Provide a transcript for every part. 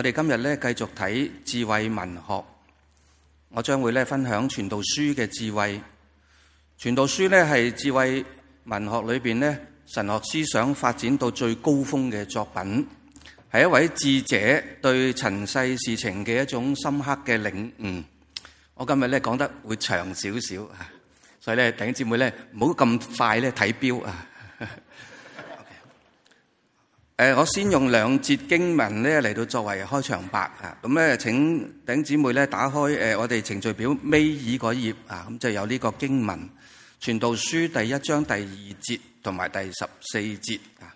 我哋今日咧繼續睇智慧文學，我將會咧分享傳道書嘅智慧《傳道書》嘅智慧，《傳道書》咧係智慧文學裏邊咧神學思想發展到最高峰嘅作品，係一位智者對塵世事情嘅一種深刻嘅領悟。我今日咧講得會長少少啊，所以咧弟兄姊妹咧唔好咁快咧睇錶啊。誒，我先用兩節經文咧嚟到作為開場白啊。咁咧，請頂姊妹咧打開誒我哋程序表尾二嗰頁啊。咁就有呢個經文，傳道書第一章第二節同埋第十四節啊。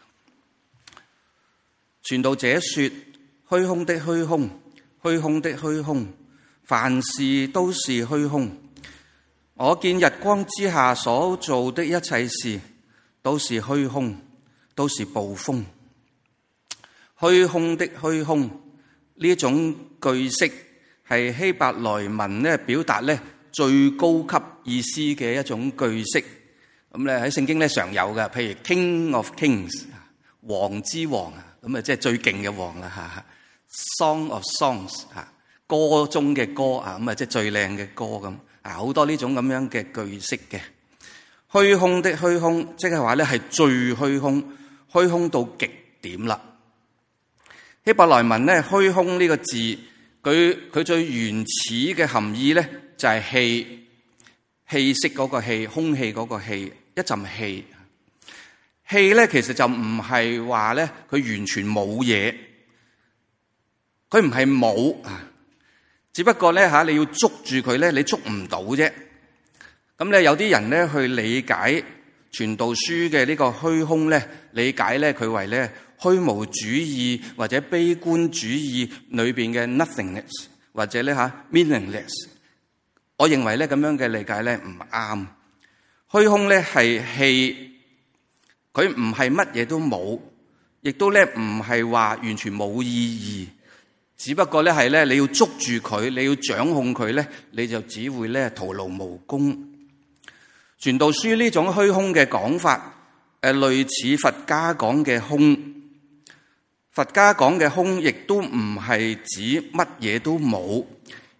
傳道者説：虛空的虛空，虛空的虛空，凡事都是虛空。我見日光之下所做的一切事，都是虛空，都是捕風。虛空的虛空呢種句式係希伯來文咧表達咧最高級意思嘅一種句式，咁咧喺聖經咧常有嘅，譬如 King of Kings，王之王啊，咁啊即係最勁嘅王啦吓。Song of Songs 啊，歌中嘅歌啊，咁啊即係最靚嘅歌咁啊，好多呢種咁樣嘅句式嘅。虛空的虛空，即係話咧係最虛空，虛空到極點啦。希伯來文咧，虛空呢個字，佢佢最原始嘅含意咧就係氣，氣息嗰個氣，空氣嗰個氣，一陣氣。氣咧其實就唔係話咧，佢完全冇嘢，佢唔係冇啊，只不過咧吓你要捉住佢咧，你捉唔到啫。咁咧有啲人咧去理解傳道書嘅呢個虛空咧，理解咧佢為咧。虛無主義或者悲觀主義裏面嘅 nothingness 或者咧嚇、啊、meaningless，我認為咧咁樣嘅理解咧唔啱。虛空咧係氣，佢唔係乜嘢都冇，亦都咧唔係話完全冇意義。只不過咧係咧你要捉住佢，你要掌控佢咧，你就只會咧徒勞無功。傳道書呢種虛空嘅講法，誒類似佛家講嘅空。佛家講嘅空，亦都唔係指乜嘢都冇，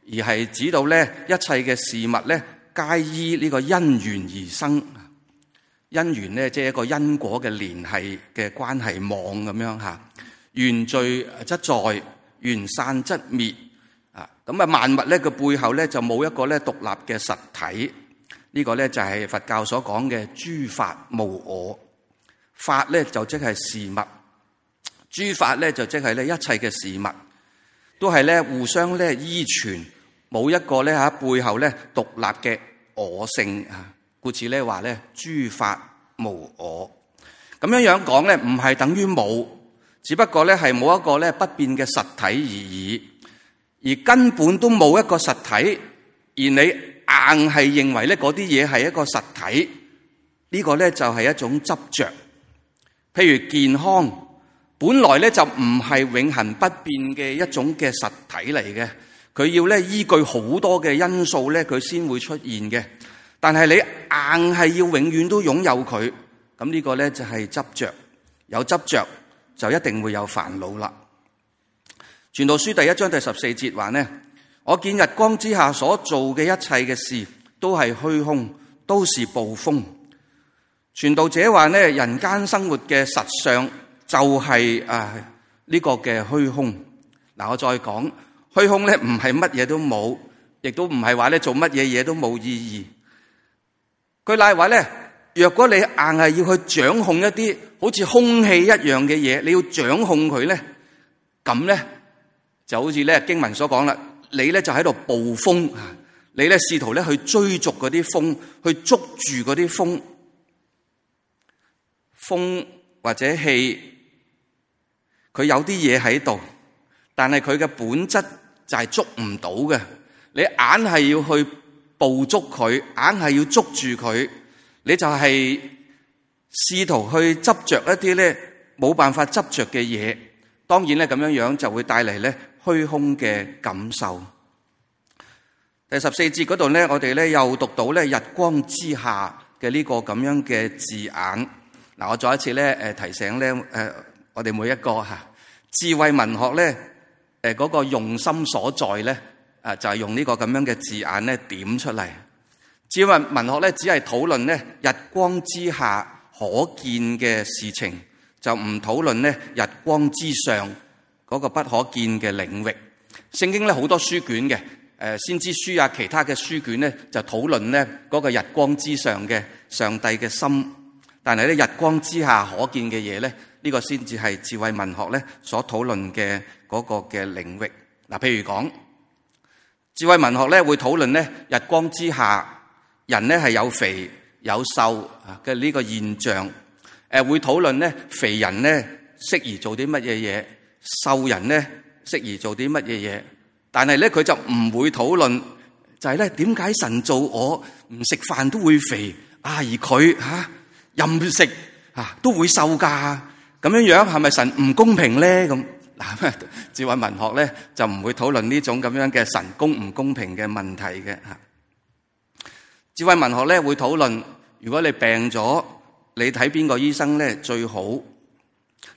而係指到咧一切嘅事物咧皆依呢個因緣而生，因緣咧即係一個因果嘅聯繫嘅關係網咁樣嚇，緣聚則在，緣散則滅啊！咁啊萬物咧個背後咧就冇一個咧獨立嘅實體，呢個咧就係佛教所講嘅諸法無我，法咧就即係事物。諸法咧就即係咧一切嘅事物，都係咧互相咧依存，冇一個咧喺背後咧獨立嘅我性啊，故此咧話咧諸法無我。咁樣樣講咧唔係等於冇，只不過咧係冇一個咧不變嘅實體而已，而根本都冇一個實體，而你硬係認為咧嗰啲嘢係一個實體，呢個咧就係一種執着，譬如健康。本來咧就唔係永恒不變嘅一種嘅實體嚟嘅，佢要咧依據好多嘅因素咧，佢先會出現嘅。但係你硬係要永遠都擁有佢，咁呢個咧就係執着，有執着就一定會有煩惱啦。傳道書第一章第十四節話呢：「我見日光之下所做嘅一切嘅事都係虛空，都是捕風。」傳道者話呢，人間生活嘅實相。就係啊，呢個嘅虛空。嗱，我再講虛空咧，唔係乜嘢都冇，亦都唔係話咧做乜嘢嘢都冇意義。佢例話咧，若果你硬係要去掌控一啲好似空氣一樣嘅嘢，你要掌控佢咧，咁咧就好似咧經文所講啦，你咧就喺度捕風啊，你咧試圖咧去追逐嗰啲風，去捉住嗰啲風風或者氣。佢有啲嘢喺度，但係佢嘅本質就係捉唔到嘅。你硬係要去捕捉佢，硬係要捉住佢，你就係試圖去執着一啲咧冇辦法執着嘅嘢。當然咧咁樣樣就會帶嚟咧虛空嘅感受。第十四節嗰度咧，我哋咧又讀到咧日光之下嘅呢個咁樣嘅字眼。嗱，我再一次咧誒提醒咧誒。我哋每一個吓智慧文學咧，誒嗰個用心所在咧，就係用呢個咁樣嘅字眼咧點出嚟。智慧文學咧，就是，只係討論咧日光之下可見嘅事情，就唔討論咧日光之上嗰個不可見嘅領域。聖經咧好多書卷嘅，誒先知書啊，其他嘅書卷咧就討論咧嗰個日光之上嘅上帝嘅心，但係咧日光之下可見嘅嘢咧。呢、個先至係智慧文學咧所討論嘅嗰個嘅領域。嗱，譬如講智慧文學咧會討論咧日光之下，人咧係有肥有瘦嘅呢個現象。誒會討論咧肥人咧適宜做啲乜嘢嘢，瘦人咧適宜做啲乜嘢嘢。但係咧佢就唔會討論就係咧點解神做我唔食飯都會肥啊，而佢嚇任食嚇都會瘦㗎。咁樣樣係咪神唔公平咧？咁嗱，智慧文學咧就唔會討論呢種咁樣嘅神公唔公平嘅問題嘅吓。智慧文學咧會討論，如果你病咗，你睇邊個醫生咧最好。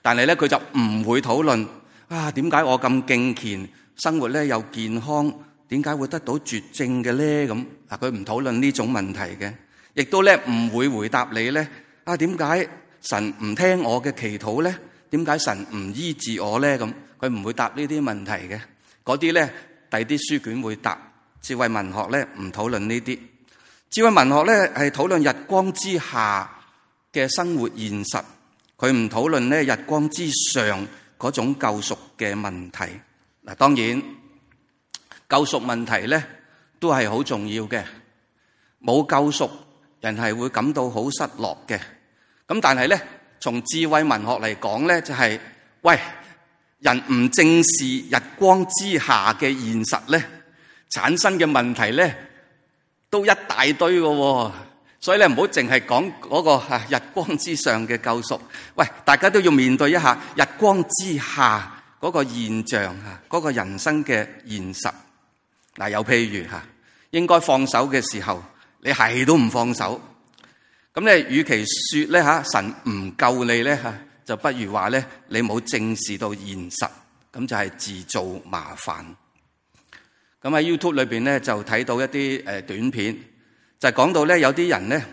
但係咧佢就唔會討論啊，點解我咁敬虔，生活咧又健康，點解會得到絕症嘅咧？咁嗱，佢唔討論呢種問題嘅，亦都咧唔會回答你咧啊，點解？神唔聽我嘅祈禱咧？點解神唔醫治我咧？咁佢唔會答呢啲問題嘅。嗰啲咧，第啲書卷會答。智慧文學咧唔討論呢啲。智慧文學咧係討論日光之下嘅生活現實，佢唔討論咧日光之上嗰種救贖嘅問題。嗱，當然救贖問題咧都係好重要嘅，冇救贖人係會感到好失落嘅。咁但係咧，從智慧文學嚟講咧，就係、是、喂，人唔正視日光之下嘅現實咧，產生嘅問題咧，都一大堆嘅。哦，所以咧唔好淨係講嗰個吓日光之上嘅救贖。喂，大家都要面對一下日光之下嗰個現象嗰、那個人生嘅現實。嗱，有譬如吓，應該放手嘅時候，你係都唔放手。咁咧，與其說咧嚇神唔救你咧嚇，就不如話咧你冇正視到現實，咁就係自造麻煩。咁喺 YouTube 裏面咧就睇到一啲誒短片，就講到咧有啲人咧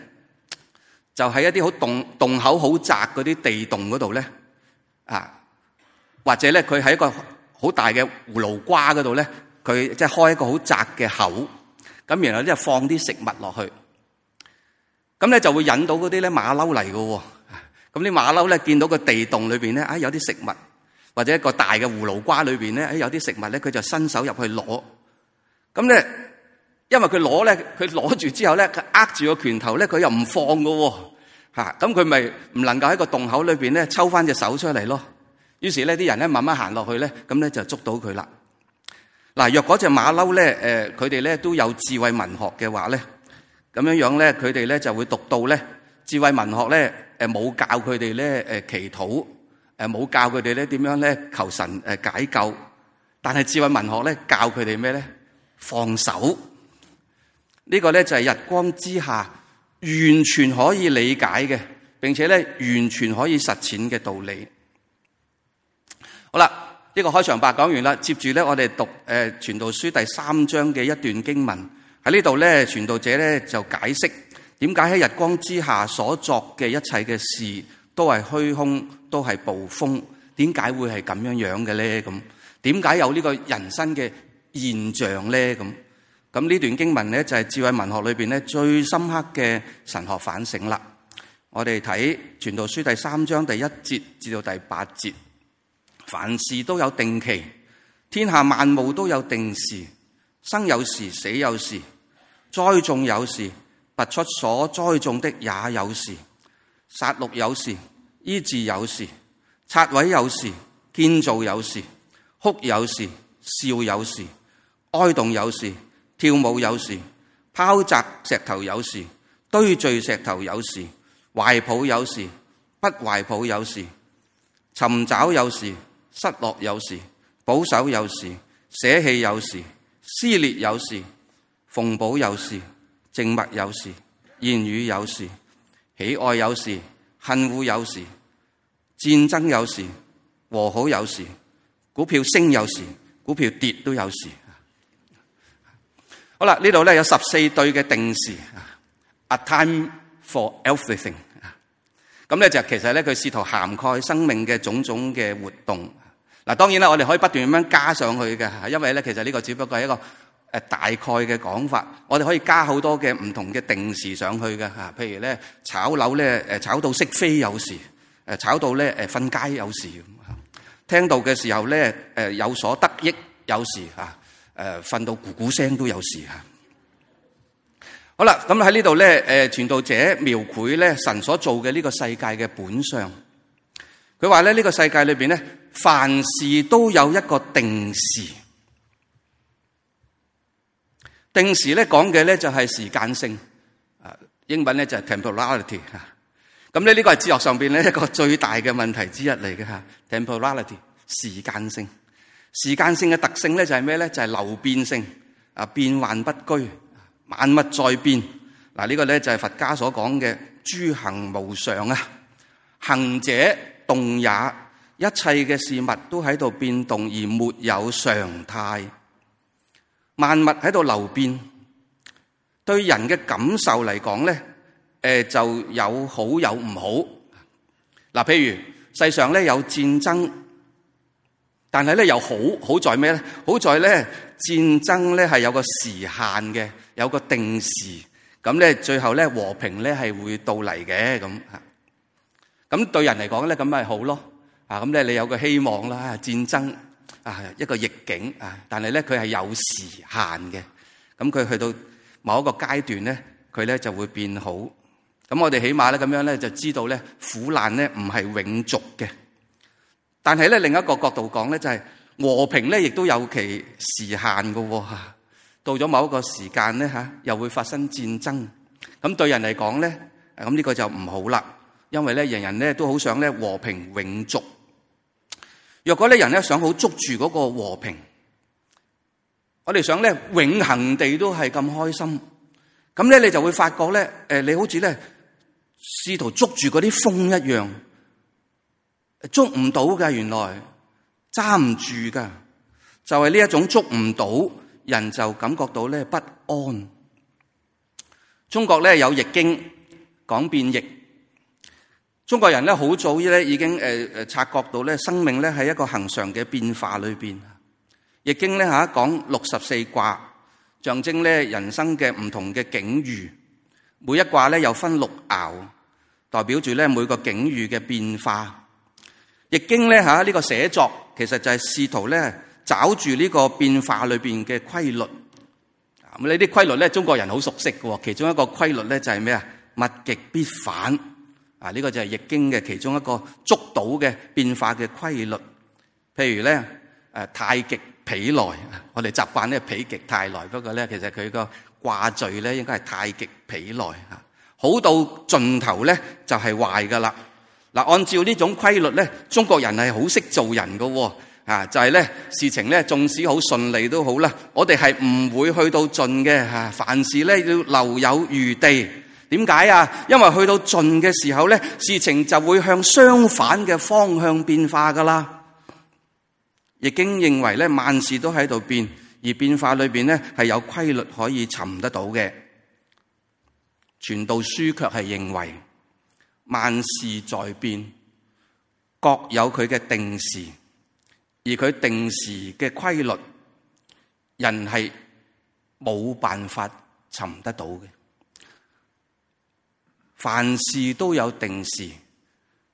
就喺一啲好洞洞口好窄嗰啲地洞嗰度咧啊，或者咧佢喺一個好大嘅葫蘆瓜嗰度咧，佢即係開一個好窄嘅口，咁然後咧放啲食物落去。咁咧就會引到嗰啲咧馬騮嚟嘅喎，咁啲馬騮咧見到個地洞裏面咧，哎有啲食物，或者一個大嘅葫蘆瓜裏面咧，哎有啲食物咧，佢就伸手入去攞。咁咧，因為佢攞咧，佢攞住之後咧，佢握住個拳頭咧，佢又唔放㗎喎，吓，咁佢咪唔能夠喺個洞口裏面咧抽翻隻手出嚟咯。於是呢啲人咧慢慢行落去咧，咁咧就捉到佢啦。嗱，若嗰隻馬騮咧，誒佢哋咧都有智慧文學嘅話咧。咁樣樣咧，佢哋咧就會讀到咧，智慧文學咧，誒冇教佢哋咧，誒祈禱，誒冇教佢哋咧點樣咧求神誒解救，但係智慧文學咧教佢哋咩咧放手，呢個咧就係日光之下完全可以理解嘅，並且咧完全可以實踐嘅道理。好啦，呢個開場白講完啦，接住咧我哋讀誒《傳道書》第三章嘅一段經文。喺呢度咧，傳道者咧就解釋點解喺日光之下所作嘅一切嘅事都係虛空，都係暴風。點解會係咁樣樣嘅咧？咁點解有呢個人生嘅現象咧？咁咁呢段經文咧就係智慧文學裏邊咧最深刻嘅神學反省啦。我哋睇《傳道書》第三章第一節至到第八節，凡事都有定期，天下萬務都有定時，生有時，死有時。栽種有時，拔出所栽種的也有時；殺戮有時，醫治有時，拆毀有時，建造有時，哭有時，笑有時，哀慟有時，跳舞有時，拋擲石頭有時，堆聚石頭有時，懷抱有時，不懷抱有時，尋找有時，失落有時，保守有時，捨棄有時，撕裂有時。縫補有時，靜默有時，言語有時，喜愛有時，恨惡有時，戰爭有時，和好有時，股票升有時，股票跌都有時。好啦，呢度咧有十四對嘅定時啊，A time for everything。咁咧就其實咧佢試圖涵蓋生命嘅種種嘅活動。嗱，當然啦，我哋可以不斷咁樣加上去嘅，因為咧其實呢個只不過係一個。誒大概嘅講法，我哋可以加好多嘅唔同嘅定時上去嘅嚇，譬如咧炒樓咧誒炒到識飛有時，誒炒到咧誒瞓街有時咁嚇。聽到嘅時候咧誒有所得益有時嚇，誒瞓到咕咕聲都有時嚇。好啦，咁喺呢度咧誒傳道者描繪咧神所做嘅呢個世界嘅本相。佢話咧呢個世界裏邊咧，凡事都有一個定時。定時咧講嘅咧就係時間性，啊英文咧就係 temporality 嚇。咁呢呢個係哲學上邊咧一個最大嘅問題之一嚟嘅嚇。temporality 時間性，時間性嘅特性咧就係咩咧？就係、是、流變性，啊變幻不居，萬物在變。嗱、這、呢個咧就係佛家所講嘅諸行無常啊，行者動也，一切嘅事物都喺度變動而沒有常態。萬物喺度流變，對人嘅感受嚟講咧，誒就有好有唔好。嗱，譬如世上咧有戰爭，但係咧又好好在咩咧？好在咧戰爭咧係有個時限嘅，有個定時，咁咧最後咧和平咧係會到嚟嘅咁啊。咁對人嚟講咧，咁咪好咯。啊，咁咧你有個希望啦，戰爭。啊，一個逆境啊，但係咧，佢係有時限嘅。咁佢去到某一個階段咧，佢咧就會變好。咁我哋起碼咧，咁樣咧就知道咧苦難咧唔係永續嘅。但係咧另一個角度講咧，就係、是、和平咧亦都有其時限㗎吓。到咗某一個時間咧嚇，又會發生戰爭。咁對人嚟講咧，咁呢個就唔好啦。因為咧，人人咧都好想咧和平永續。若果咧人咧想好捉住嗰個和平，我哋想咧永恆地都係咁開心，咁咧你就會發覺咧，誒你好似咧試圖捉住嗰啲風一樣，捉唔到嘅，原來揸唔住噶，就係呢一種捉唔到，人就感覺到咧不安。中國咧有易經講變易。中國人咧好早咧已經誒誒察覺到咧生命咧喺一個恒常嘅變化裏邊。易經咧嚇講六十四卦，象徵咧人生嘅唔同嘅境遇。每一卦咧又分六爻，代表住咧每個境遇嘅變化。易經咧嚇呢個寫作其實就係試圖咧找住呢個變化裏邊嘅規律。咁呢啲規律咧中國人好熟悉嘅喎，其中一個規律咧就係咩啊？物極必反。嗱，呢個就係易經嘅其中一個捉到嘅變化嘅規律。譬如咧，誒太極否來，我哋習慣咧否極泰來。不過咧，其實佢個掛序咧應該係太極否來嚇，好到盡頭咧就係壞㗎啦。嗱，按照這種規律呢種規律咧，中國人係好識做人噶喎、哦、就係、是、咧事情咧縱使順好順利都好啦，我哋係唔會去到盡嘅嚇，凡事咧要留有餘地。點解啊？因為去到盡嘅時候咧，事情就會向相反嘅方向變化噶啦。易經認為咧，萬事都喺度變，而變化裏邊咧係有規律可以尋得到嘅。傳道書卻係認為萬事在變，各有佢嘅定時，而佢定時嘅規律，人係冇辦法尋得到嘅。凡事都有定時，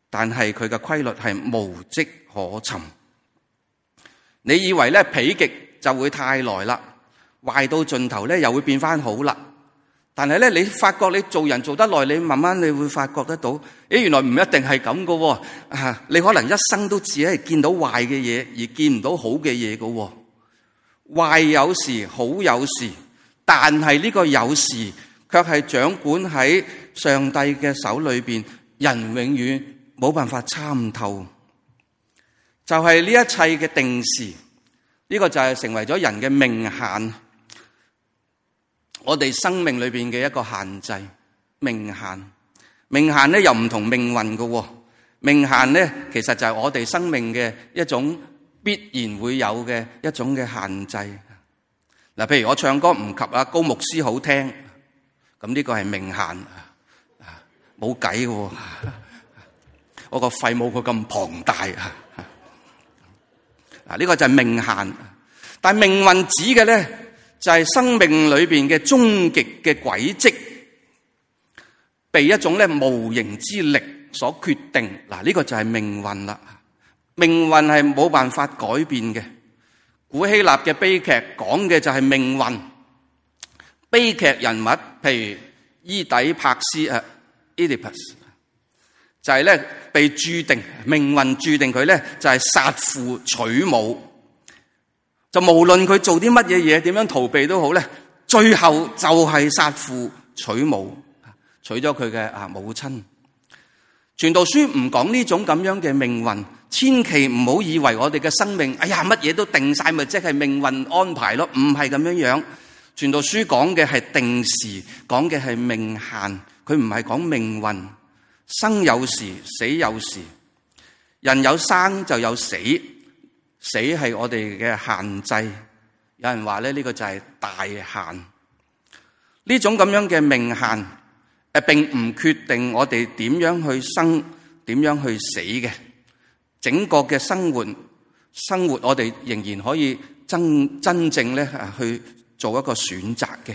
但係佢嘅規律係無跡可尋。你以為呢，否極就會泰來啦，壞到盡頭呢又會變返好啦。但係呢你發覺你做人做得耐，你慢慢你會發覺得到，誒原來唔一定係咁㗎喎。你可能一生都只係見到壞嘅嘢，而見唔到好嘅嘢㗎喎。壞有時，好有時，但係呢個有時，卻係掌管喺上帝嘅手裏邊，人永遠冇辦法參透。就係、是、呢一切嘅定時，呢、這個就係成為咗人嘅命限。我哋生命裏邊嘅一個限制命限。命限咧，又唔同命運喎。命限咧，其實就係我哋生命嘅一種必然會有嘅一種嘅限制。嗱，譬如我唱歌唔及阿高牧師好聽。咁呢個係命限啊，冇計嘅，我個肺冇佢咁龐大啊！嗱，呢個就係命限，但係命運指嘅咧就係生命裏邊嘅終極嘅軌跡，被一種咧無形之力所決定。嗱，呢個就係命運啦，命運係冇辦法改變嘅。古希臘嘅悲劇講嘅就係命運。悲劇人物，譬如伊底帕斯啊，伊底帕斯就係、是、咧被注定命運注定佢咧就係殺父娶母，就無論佢做啲乜嘢嘢，點樣逃避都好咧，最後就係殺父娶母，娶咗佢嘅啊母親。《傳道書》唔講呢種咁樣嘅命運，千祈唔好以為我哋嘅生命，哎呀乜嘢都定晒咪即係命運安排咯，唔係咁樣樣。《傳道書》講嘅係定時，講嘅係命限，佢唔係講命運。生有時，死有時。人有生就有死，死係我哋嘅限制。有人話咧，呢個就係大限。呢種咁樣嘅命限誒，並唔決定我哋點樣去生，點樣去死嘅。整個嘅生活，生活我哋仍然可以真真正咧去。做一個選擇嘅，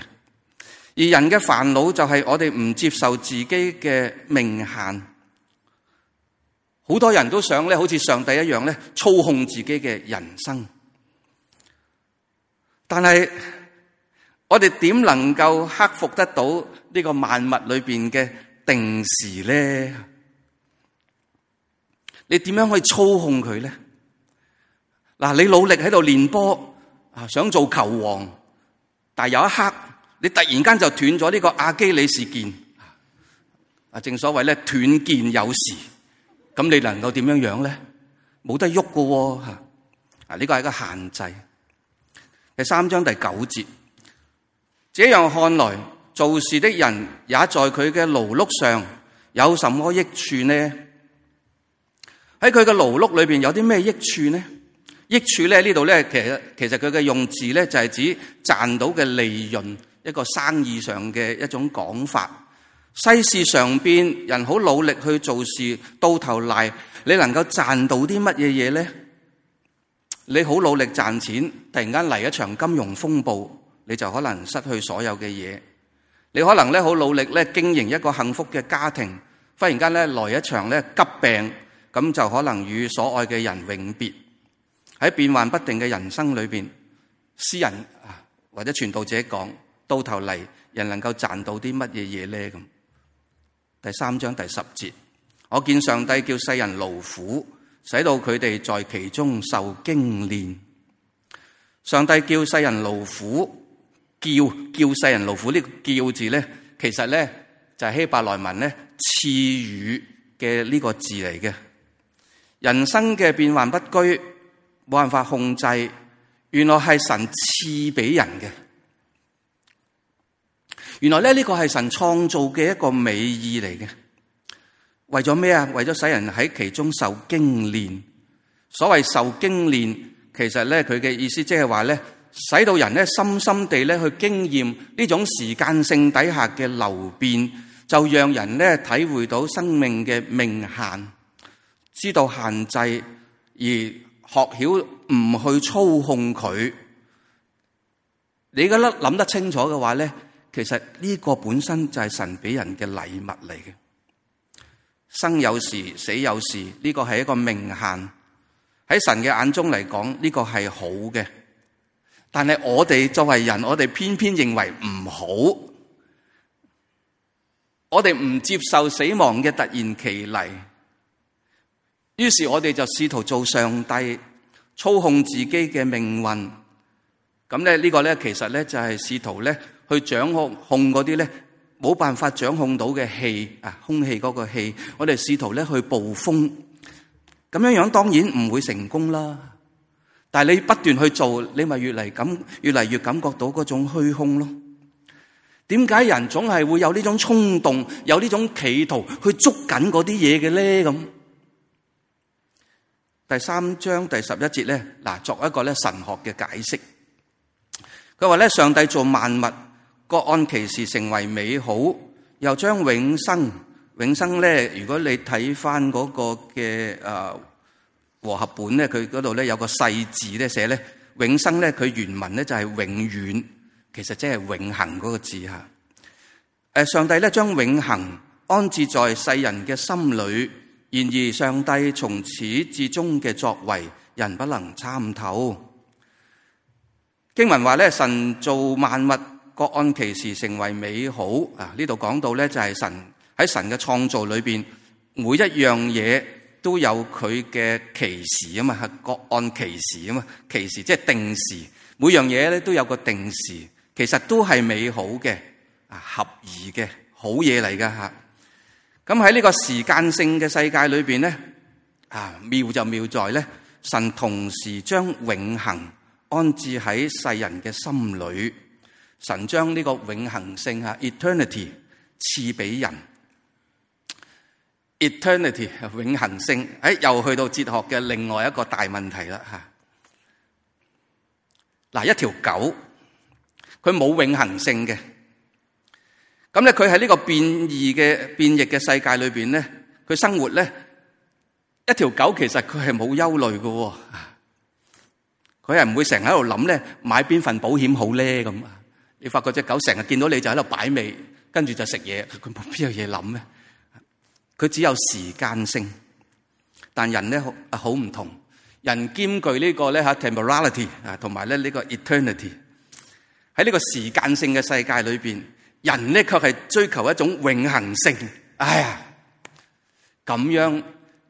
而人嘅煩惱就係我哋唔接受自己嘅命限，好多人都想咧，好似上帝一樣咧，操控自己嘅人生。但係我哋點能夠克服得到呢個萬物裏邊嘅定時咧？你點樣可以操控佢咧？嗱，你努力喺度練波啊，想做球王。但係有一刻，你突然間就斷咗呢個阿基里斯腱。啊，正所謂咧，斷腱有時，咁你能夠點樣樣咧？冇得喐噶喎。啊，呢個係一個限制。第三章第九節，這樣看來，做事的人也在佢嘅勞碌上有什麼益處呢？喺佢嘅勞碌裏面有啲咩益處呢？益處咧，呢度咧，其實其實佢嘅用字咧，就係指賺到嘅利潤，一個生意上嘅一種講法。世事上邊，人好努力去做事，到頭嚟，你能夠賺到啲乜嘢嘢咧？你好努力賺錢，突然間嚟一場金融風暴，你就可能失去所有嘅嘢。你可能咧好努力咧經營一個幸福嘅家庭，忽然間咧來一場咧急病，咁就可能與所愛嘅人永別。喺變幻不定嘅人生裏邊，詩人啊或者傳道者講，到頭嚟人能夠賺到啲乜嘢嘢咧？咁第三章第十節，我見上帝叫世人勞苦，使到佢哋在其中受經練。上帝叫世人勞苦，叫叫世人勞苦呢個叫字咧，其實咧就係、是、希伯來文咧賜予嘅呢個字嚟嘅。人生嘅變幻不居。冇辦法控制，原來係神賜俾人嘅。原來咧呢、這個係神創造嘅一個美意嚟嘅，為咗咩啊？為咗使人喺其中受經練。所謂受經練，其實咧佢嘅意思即係話咧，使到人咧深深地咧去經驗呢種時間性底下嘅流變，就讓人咧體會到生命嘅命限，知道限制而。學曉唔去操控佢，你而家諗得清楚嘅話咧，其實呢個本身就係神俾人嘅禮物嚟嘅。生有時，死有時，呢個係一個命限。喺神嘅眼中嚟講，呢個係好嘅。但係我哋作為人，我哋偏偏認為唔好，我哋唔接受死亡嘅突然其嚟。於是我哋就試圖做上帝操控自己嘅命運，咁咧呢個咧其實咧就係試圖咧去掌控控嗰啲咧冇辦法掌控到嘅氣啊空氣嗰個氣，我哋試圖咧去暴風，咁樣樣當然唔會成功啦。但係你不斷去做，你咪越嚟咁，越嚟越感覺到嗰種虛空咯。點解人總係會有呢種衝動，有呢種企圖去捉緊嗰啲嘢嘅咧咁？第三章第十一節咧，嗱作一個咧神學嘅解釋。佢話咧，上帝做萬物各按其時成為美好，又將永生。永生咧，如果你睇翻嗰個嘅和合本咧，佢嗰度咧有個細字咧寫咧，永生咧佢原文咧就係永遠，其實即係永恒嗰個字吓。誒，上帝咧將永恒安置在世人嘅心裏。然而上帝從始至終嘅作為，人不能參透。經文話咧，神造萬物各按其時成為美好啊！呢度講到咧，就係、是、神喺神嘅創造裏邊，每一樣嘢都有佢嘅其時啊嘛，係各按其時啊嘛，其時即係定時，每樣嘢咧都有個定時，其實都係美好嘅啊，合宜嘅好嘢嚟噶吓。咁喺呢個時間性嘅世界裏邊咧，啊妙就妙在咧，神同時將永恆安置喺世人嘅心裏，神將呢個永恆性 eternity 賜俾人，eternity 永恆性，誒又去到哲學嘅另外一個大問題啦吓。嗱，一條狗，佢冇永恆性嘅。咁咧，佢喺呢個變異嘅變異嘅世界裏面，咧，佢生活咧，一條狗其實佢係冇憂慮嘅喎，佢係唔會成日喺度諗咧，買邊份保險好咧咁啊！你發覺隻狗成日見到你就喺度擺尾，跟住就食嘢，佢冇邊有嘢諗咩？佢只有時間性，但人咧好唔同，人兼具呢個咧吓 temporality 啊，同埋咧呢個 eternity 喺呢個時間性嘅世界裏面。人呢，卻係追求一種永恆性。哎呀，咁樣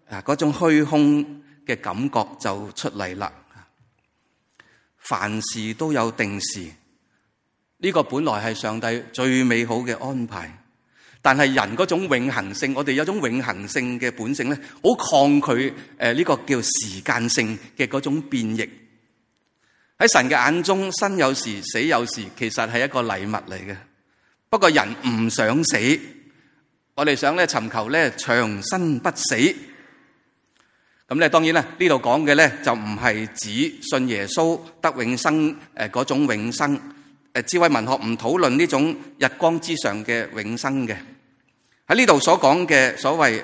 啊，嗰種虛空嘅感覺就出嚟啦。凡事都有定時，呢個本來係上帝最美好嘅安排。但係人嗰種永恆性，我哋有種永恆性嘅本性咧，好抗拒誒呢個叫時間性嘅嗰種變異。喺神嘅眼中，生有時，死有時，其實係一個禮物嚟嘅。不過人唔想死，我哋想咧尋求咧長生不死。咁咧當然咧呢度講嘅咧就唔係指信耶穌得永生嗰種永生。智慧文學唔討論呢種日光之上嘅永生嘅。喺呢度所講嘅所謂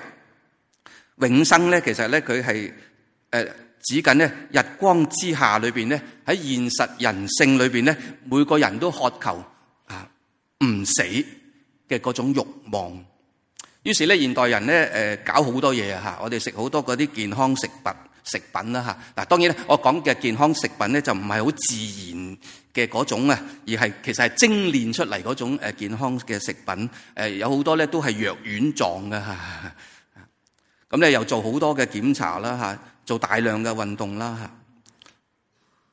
永生咧，其實咧，佢係誒指緊咧日光之下裏面，咧喺現實人性裏面，咧每個人都渴求唔死嘅嗰種慾望，於是咧現代人咧誒、呃、搞好多嘢吓，我哋食好多嗰啲健康食物食品啦吓，嗱當然咧我講嘅健康食品咧就唔係好自然嘅嗰種啊，而係其實係精煉出嚟嗰種誒健康嘅食品，誒、呃、有好多咧都係藥丸狀㗎。咁、啊、咧又做好多嘅檢查啦吓、啊，做大量嘅運動啦吓、啊，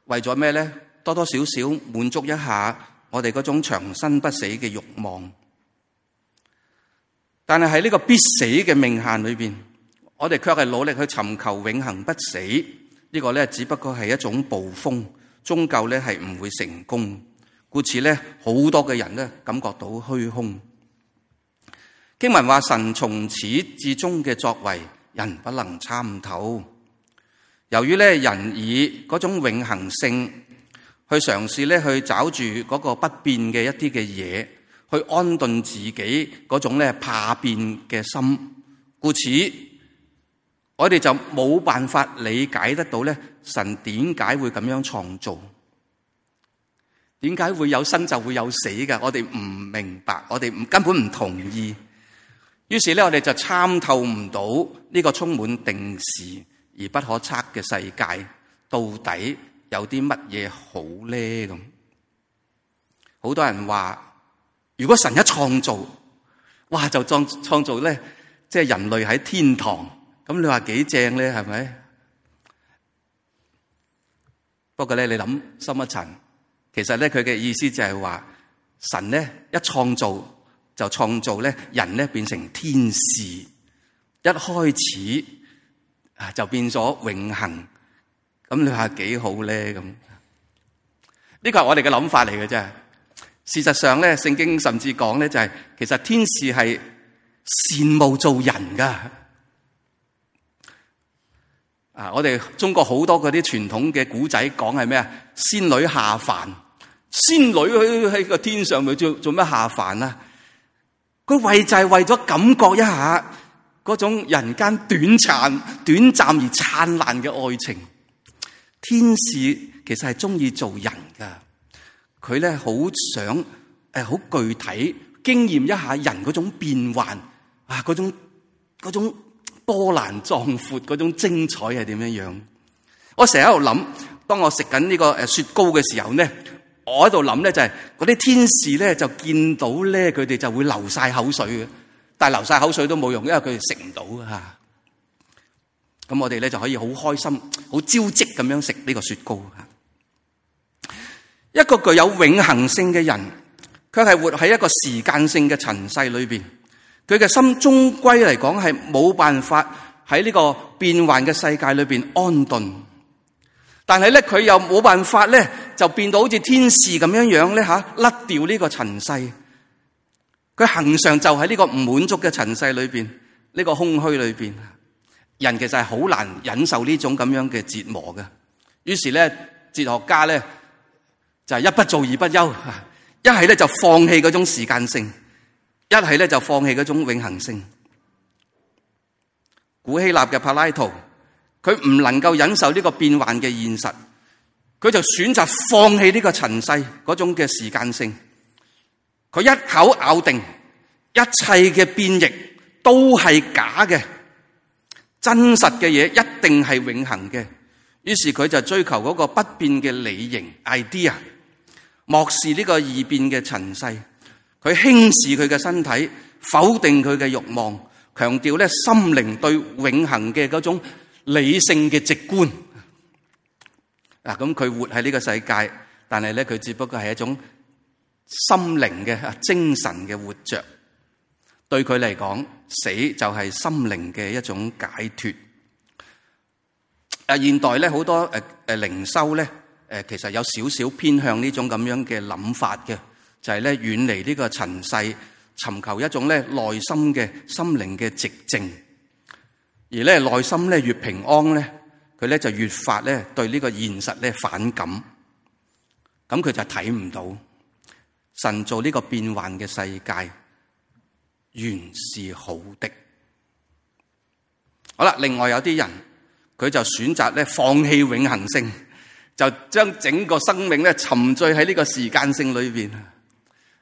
為咗咩咧？多多少少滿足一下。我哋嗰種長生不死嘅慾望，但係喺呢個必死嘅命限裏邊，我哋卻係努力去尋求永恆不死。呢、這個咧只不過係一種捕風，終究咧係唔會成功。故此咧，好多嘅人咧感覺到虛空。經文話：神從始至終嘅作為，人不能參透。由於咧人以嗰種永恆性。去嘗試咧，去找住嗰個不變嘅一啲嘅嘢，去安頓自己嗰種咧怕變嘅心。故此，我哋就冇辦法理解得到咧，神點解會咁樣創造？點解會有生就會有死嘅？我哋唔明白，我哋根本唔同意。於是咧，我哋就參透唔到呢個充滿定時而不可測嘅世界到底有啲乜嘢好咧？咁好多人話，如果神一創造，哇，就創創造咧，即係人類喺天堂，咁你話幾正咧？係咪？不過咧，你諗深一層，其實咧，佢嘅意思就係話，神咧一創造就創造咧，人咧變成天使，一開始啊就變咗永恆。咁你話幾好咧？咁呢個係我哋嘅諗法嚟嘅啫。事實上咧，聖經甚至講咧，就係其實天使係羨慕做人噶。啊，我哋中國好多嗰啲傳統嘅古仔講係咩啊？仙女下凡，仙女去喺個天上咪做做咩下凡啦？佢為就係為咗感覺一下嗰種人間短暫短暫而燦爛嘅愛情。天使其實係鍾意做人㗎，佢咧好想誒好具體經驗一下人嗰種變幻啊，嗰種嗰種波瀾壯闊嗰種精彩係點樣？我成日喺度諗，當我食緊呢個雪糕嘅時候咧，我喺度諗咧就係嗰啲天使咧就見到咧佢哋就會流晒口水嘅，但係流晒口水都冇用，因為佢哋食唔到啊！咁我哋咧就可以好開心、好招積咁樣食呢個雪糕。一個具有永恆性嘅人，佢係活喺一個時間性嘅塵世裏邊，佢嘅心終歸嚟講係冇辦法喺呢個變幻嘅世界裏邊安頓。但係咧，佢又冇辦法咧，就變到好似天使咁樣樣咧吓，甩掉呢個塵世。佢恆常就喺呢個唔滿足嘅塵世裏邊，呢、這個空虛裏邊。人其實係好難忍受呢種咁樣嘅折磨嘅，於是咧，哲學家咧就係、是、一不做二不休，一係咧就放棄嗰種時間性，一係咧就放棄嗰種永恒性。古希臘嘅柏拉圖，佢唔能夠忍受呢個變幻嘅現實，佢就選擇放棄呢個塵世嗰種嘅時間性。佢一口咬定一切嘅變異都係假嘅。真實嘅嘢一定係永恒嘅，於是佢就追求嗰個不變嘅理型 idea，漠視呢個易變嘅塵世，佢輕視佢嘅身體，否定佢嘅欲望，強調咧心靈對永恒嘅嗰種理性嘅直觀。嗱，咁佢活喺呢個世界，但係咧佢只不過係一種心靈嘅精神嘅活着，對佢嚟講。死就係心靈嘅一種解脫。誒現代咧好多誒誒靈修咧誒，其實有少少偏向呢種咁樣嘅諗法嘅，就係咧遠離呢個塵世，尋求一種咧內心嘅心靈嘅寂靜。而咧內心咧越平安咧，佢咧就越發咧對呢個現實咧反感。咁佢就睇唔到神造呢個變幻嘅世界。原是好的，好啦。另外有啲人佢就選擇咧放棄永恒性，就將整個生命咧沉醉喺呢個時間性裏邊。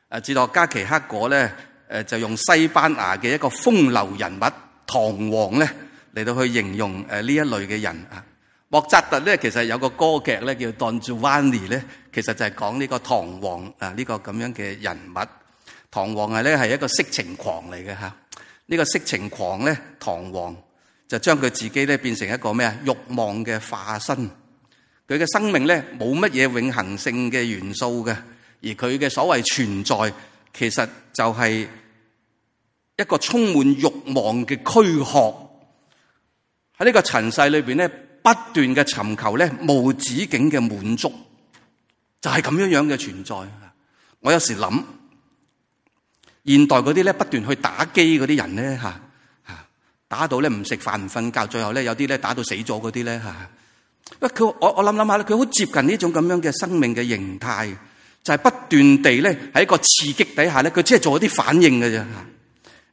誒，智羅加奇克果咧，誒就用西班牙嘅一個風流人物唐璜咧嚟到去形容誒呢一類嘅人啊。莫扎特咧其實有個歌劇咧叫《Don Giovanni》咧，其實就係講呢個唐璜啊呢個咁樣嘅人物。唐璜係咧，係一個色情狂嚟嘅吓。呢、這個色情狂咧，唐璜就將佢自己咧變成一個咩啊？欲望嘅化身。佢嘅生命咧冇乜嘢永恆性嘅元素嘅，而佢嘅所謂存在，其實就係一個充滿欲望嘅軀殼。喺呢個塵世裏邊咧，不斷嘅尋求咧無止境嘅滿足，就係、是、咁樣樣嘅存在。我有時諗。現代嗰啲咧不斷去打機嗰啲人咧嚇嚇打到咧唔食飯唔瞓覺，最後咧有啲咧打到死咗嗰啲咧嚇。喂佢我我諗諗下佢，好接近呢種咁樣嘅生命嘅形態，就係不斷地咧喺一個刺激底下咧，佢只係做一啲反應嘅啫。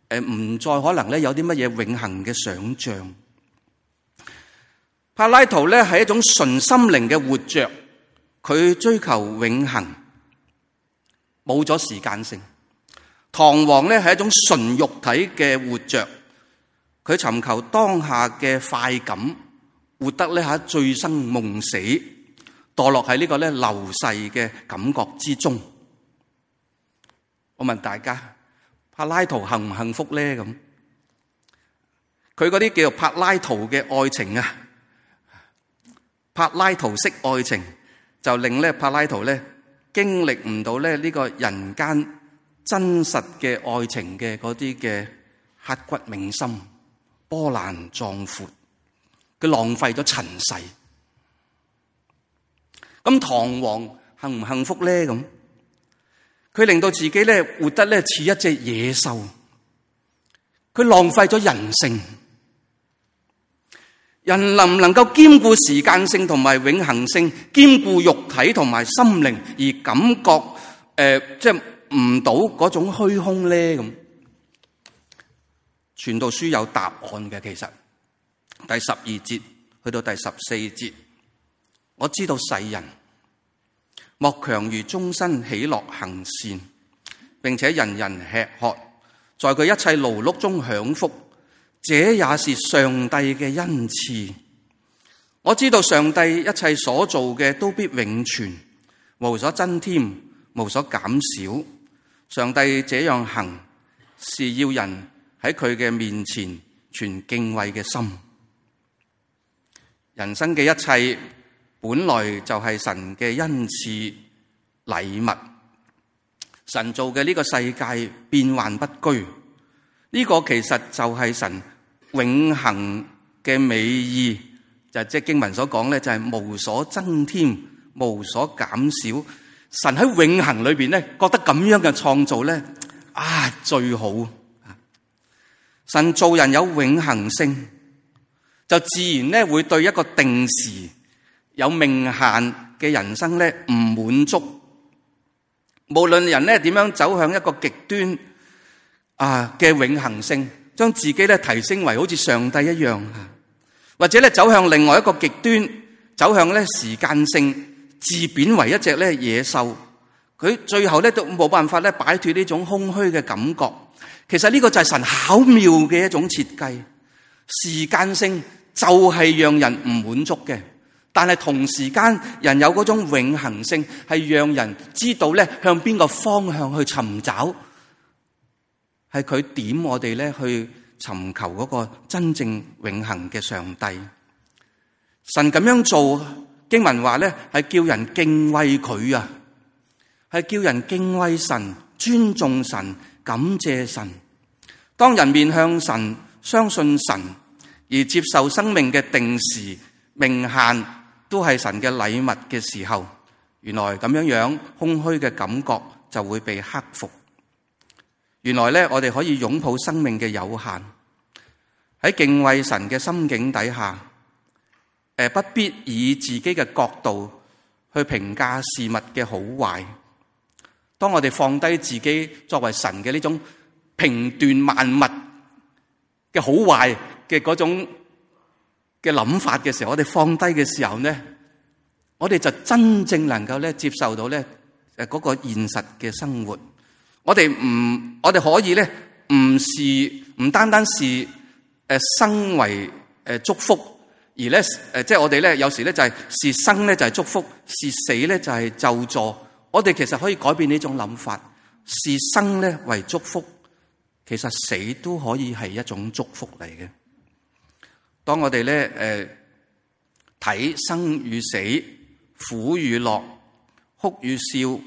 誒唔再可能咧有啲乜嘢永恆嘅想像。柏拉圖咧係一種純心靈嘅活著，佢追求永恆，冇咗時間性。唐王咧係一種純肉體嘅活着，佢尋求當下嘅快感，活得咧喺醉生夢死，墮落喺呢個咧流逝嘅感覺之中。我問大家，柏拉圖幸唔幸福咧？咁佢嗰啲叫做柏拉圖嘅愛情啊，柏拉圖式愛情就令咧柏拉圖咧經歷唔到咧呢個人間。真實嘅愛情嘅嗰啲嘅刻骨銘心、波瀾壯闊，佢浪費咗塵世。咁唐王幸唔幸福咧？咁佢令到自己咧活得咧似一隻野獸，佢浪費咗人性。人能唔能夠兼顧時間性同埋永恒性，兼顧肉體同埋心靈而感覺？誒、呃，即係。唔到嗰種虛空咧咁，傳道書有答案嘅。其實第十二節去到第十四節，我知道世人莫強如終身喜樂行善，並且人人吃喝，在佢一切勞碌中享福，這也是上帝嘅恩賜。我知道上帝一切所做嘅都必永存，無所增添，無所減少。上帝這樣行，是要人喺佢嘅面前存敬畏嘅心。人生嘅一切，本來就係神嘅恩賜禮物。神造嘅呢個世界變幻不居，呢、這個其實就係神永恒嘅美意。就即、係、經文所講咧，就係、係、無所增添，無所減少。神喺永恆裏邊咧，覺得咁樣嘅創造咧，啊最好啊！神做人有永恆性，就自然咧會對一個定時有命限嘅人生咧唔滿足。無論人咧點樣走向一個極端啊嘅永恆性，將自己咧提升為好似上帝一樣啊，或者咧走向另外一個極端，走向咧時間性。自貶為一隻咧野獸，佢最後咧都冇辦法咧擺脫呢種空虛嘅感覺。其實呢個就係神巧妙嘅一種設計。時間性就係讓人唔滿足嘅，但係同時間人有嗰種永恆性，係讓人知道咧向邊個方向去尋找，係佢點我哋咧去尋求嗰個真正永恆嘅上帝。神咁樣做。經文話咧，係叫人敬畏佢啊，係叫人敬畏神、尊重神、感謝神。當人面向神、相信神而接受生命嘅定時命限，都係神嘅禮物嘅時候，原來咁樣樣空虛嘅感覺就會被克服。原來咧，我哋可以擁抱生命嘅有限，喺敬畏神嘅心境底下。誒，不必以自己嘅角度去評價事物嘅好壞。當我哋放低自己作為神嘅呢種評斷萬物嘅好壞嘅嗰種嘅諗法嘅時候，我哋放低嘅時候呢，我哋就真正能夠咧接受到咧誒嗰個現實嘅生活。我哋唔，我哋可以咧唔是唔單單是誒生為誒祝福。而咧，誒，即係我哋咧，有時咧就係是生咧就係祝福，死就是死咧就係咒詛。我哋其實可以改變呢種諗法，是生咧為祝福，其實死都可以係一種祝福嚟嘅。當我哋咧誒睇生與死、苦與樂、哭與笑，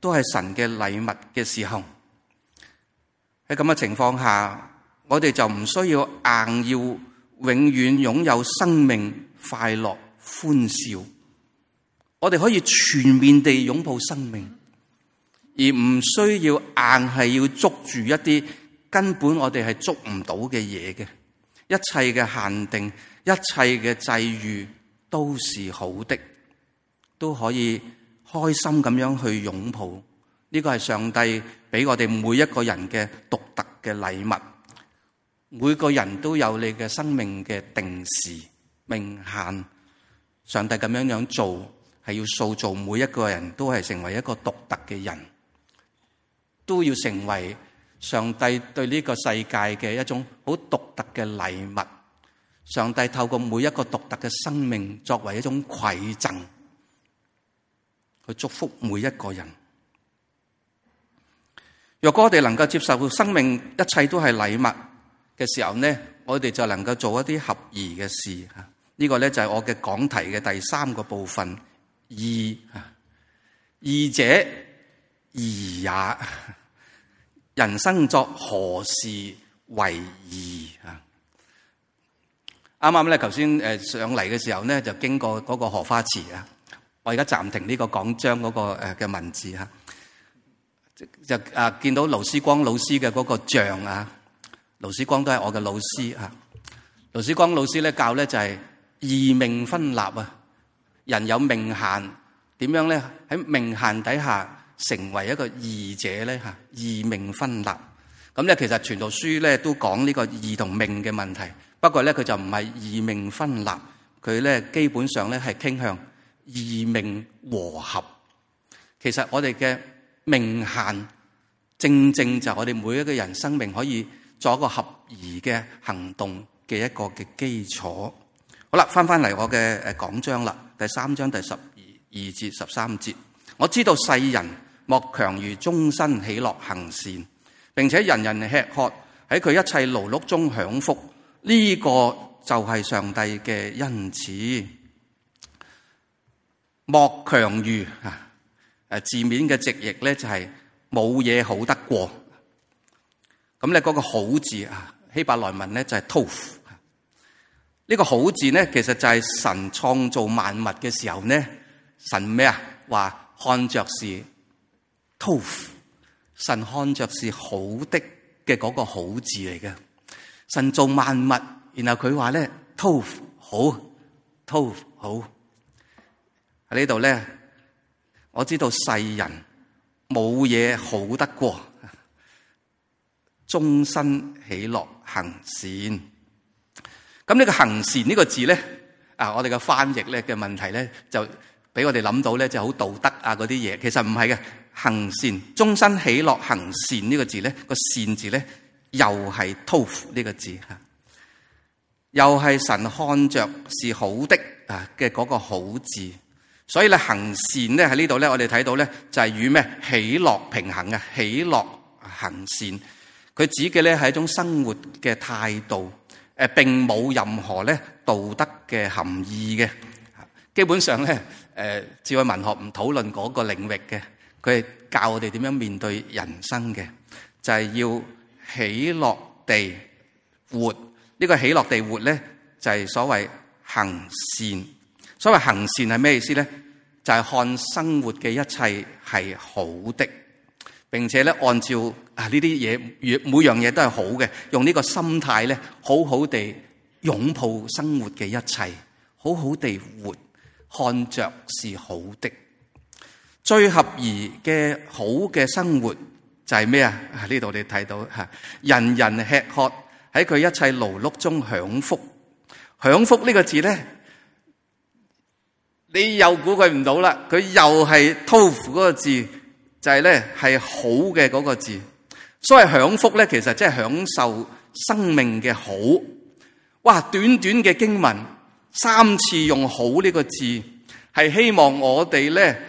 都係神嘅禮物嘅時候，喺咁嘅情況下，我哋就唔需要硬要永遠擁有生命、快樂、歡笑，我哋可以全面地擁抱生命，而唔需要硬係要捉住一啲根本我哋係捉唔到嘅嘢嘅。一切嘅限定、一切嘅際遇都是好的，都可以開心咁樣去擁抱。呢個係上帝俾我哋每一個人嘅獨特嘅禮物。每個人都有你嘅生命嘅定時，命限，上帝咁樣樣做，係要塑造每一個人都係成為一個獨特嘅人，都要成為上帝對呢個世界嘅一種好獨特嘅禮物。上帝透過每一個獨特嘅生命，作為一種饋贈，去祝福每一個人。若果我哋能夠接受生命，一切都係禮物嘅時候咧，我哋就能夠做一啲合宜嘅事嚇。呢個咧就係我嘅講題嘅第三個部分義嚇。義者宜也，人生作何事為宜？啊？啱啱咧，頭先上嚟嘅時候咧，就經過嗰個荷花池啊。我而家暫停呢個講章嗰個嘅文字，就啊見到勞思光老師嘅嗰個像啊。勞思光都係我嘅老師啊！勞思光老師咧教，咧就係義命分立啊，人有命限，點樣咧喺命限底下成為一個義者咧吓？義命分立，咁咧其實傳道書咧都講呢個義同命嘅問題，不過咧佢就唔係義命分立，佢咧基本上咧係傾向義命和合。其實我哋嘅命限正正就是我哋每一個人生命可以。作一個合宜嘅行動嘅一個嘅基礎好。好啦，翻翻嚟我嘅誒講章啦，第三章第十二二節十三節。我知道世人莫強如終身喜樂行善，並且人人吃喝喺佢一切勞碌中享福。呢、呢個就係上帝嘅恩賜。莫強如啊，誒字面嘅直譯咧就係冇嘢好得過。咁咧嗰個好字啊，希伯來文咧就係 tof。呢個好字咧，其實就係神創造萬物嘅時候咧，神咩啊？話看着是 tof 神看着是好的嘅嗰個好字嚟嘅。神造萬物，然後佢話咧 tof 好 tof 好。喺呢度咧，我知道世人冇嘢好得過。終身喜樂行善。咁呢個行善呢個字咧，啊，我哋嘅翻譯咧嘅問題咧，就俾我哋諗到咧就好道德啊嗰啲嘢。其實唔係嘅，行善，終身喜樂行善呢個字咧，個善字咧又係 tov 呢個字吓，又係神看着是好的啊嘅嗰個好字。所以咧行善咧喺呢度咧，我哋睇到咧就係與咩喜樂平衡嘅喜樂行善。佢指嘅咧係一種生活嘅態度，誒並冇任何咧道德嘅含義嘅。基本上咧，誒智慧文學唔討論嗰個領域嘅，佢係教我哋點樣面對人生嘅，就係、是、要喜樂地活。呢、這個喜樂地活咧，就係所謂行善。所謂行善係咩意思咧？就係、是、看生活嘅一切係好的。並且咧，按照啊呢啲嘢，每樣嘢都係好嘅。用呢個心態咧，好好地擁抱生活嘅一切，好好地活，看着是好的。最合宜嘅好嘅生活就係、是、咩啊？呢度你睇到吓，人人吃喝喺佢一切勞碌中享福。享福呢個字咧，你又估佢唔到啦。佢又係 tov，嗰個字。就係咧，係好嘅嗰個字。所謂享福咧，其實即係享受生命嘅好。哇！短短嘅經文，三次用好呢個字，係希望我哋咧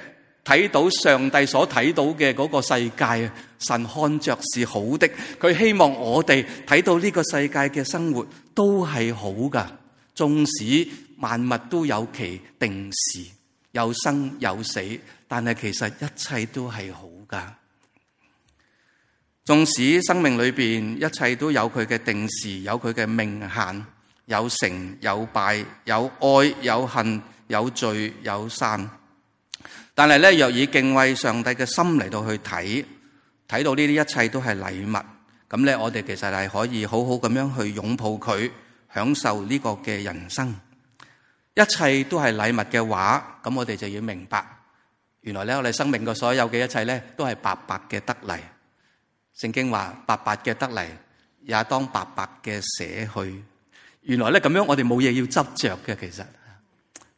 睇到上帝所睇到嘅嗰個世界，神看着是好的。佢希望我哋睇到呢個世界嘅生活都係好噶。縱使萬物都有其定時，有生有死。但係其實一切都係好噶，縱使生命裏邊一切都有佢嘅定時，有佢嘅命限，有成有敗，有愛有恨，有聚有散。但係咧，若以敬畏上帝嘅心嚟到去睇，睇到呢啲一切都係禮物。咁咧，我哋其實係可以好好咁樣去擁抱佢，享受呢個嘅人生。一切都係禮物嘅話，咁我哋就要明白。原來咧，我哋生命嘅所有嘅一切咧，都係白白嘅得嚟。聖經話：白白嘅得嚟，也當白白嘅捨去。原來咧咁樣，我哋冇嘢要執着嘅，其實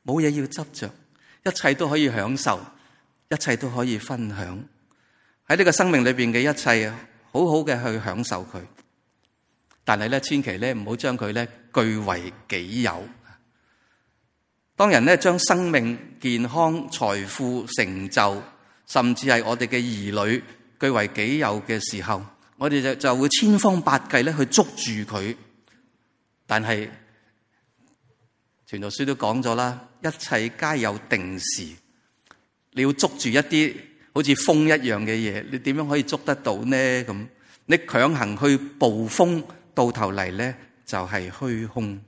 冇嘢要執着，一切都可以享受，一切都可以分享。喺呢個生命裏邊嘅一切，好好嘅去享受佢。但係咧，千祈咧，唔好將佢咧，據為己有。當人呢，將生命、健康、財富、成就，甚至係我哋嘅兒女據為己有嘅時候，我哋就就會千方百計咧去捉住佢。但係傳道書都講咗啦，一切皆有定時。你要捉住一啲好似風一樣嘅嘢，你點樣可以捉得到呢？咁你強行去捕風，到頭嚟咧就係、是、虛空。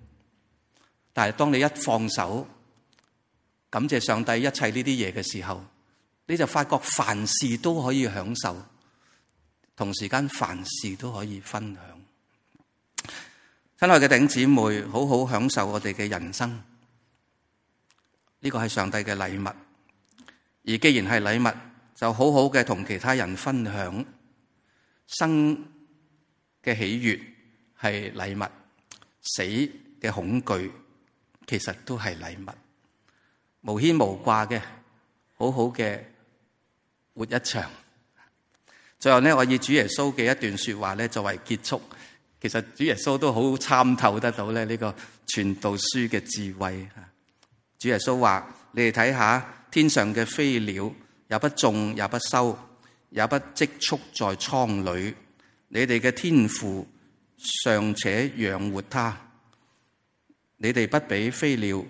但係當你一放手，感謝上帝一切呢啲嘢嘅時候，你就發覺凡事都可以享受，同時間凡事都可以分享。親愛嘅弟兄姊妹，好好享受我哋嘅人生，呢個係上帝嘅禮物。而既然係禮物，就好好嘅同其他人分享。生嘅喜悦係禮物，死嘅恐懼其實都係禮物。無牽無掛嘅，好好嘅活一場。最後呢，我以主耶穌嘅一段說話呢作為結束。其實主耶穌都好參透得到咧呢個傳道書嘅智慧。主耶穌話：你哋睇下，天上嘅飛鳥，也不種，也不收，也不積蓄在倉裏。你哋嘅天父尚且養活他，你哋不比飛鳥？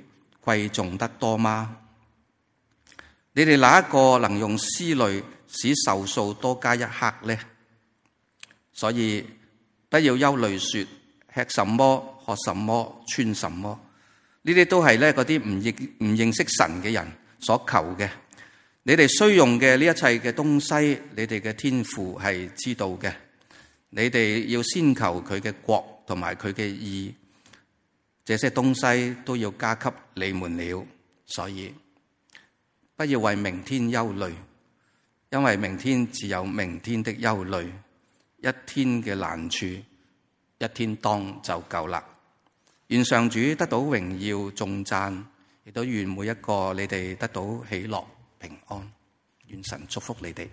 貴重得多嗎？你哋哪一個能用思慮使壽數多加一刻呢？所以不要憂慮，說吃什麼、喝什麼、穿什麼，呢啲都係咧嗰啲唔認唔認識神嘅人所求嘅。你哋需用嘅呢一切嘅東西，你哋嘅天父係知道嘅。你哋要先求佢嘅國同埋佢嘅義。這些東西都要加給你們了，所以不要為明天憂慮，因為明天只有明天的憂慮。一天嘅難處，一天當就夠了。願上主得到榮耀、頌讚，亦都願每一個你哋得到喜樂、平安。願神祝福你哋。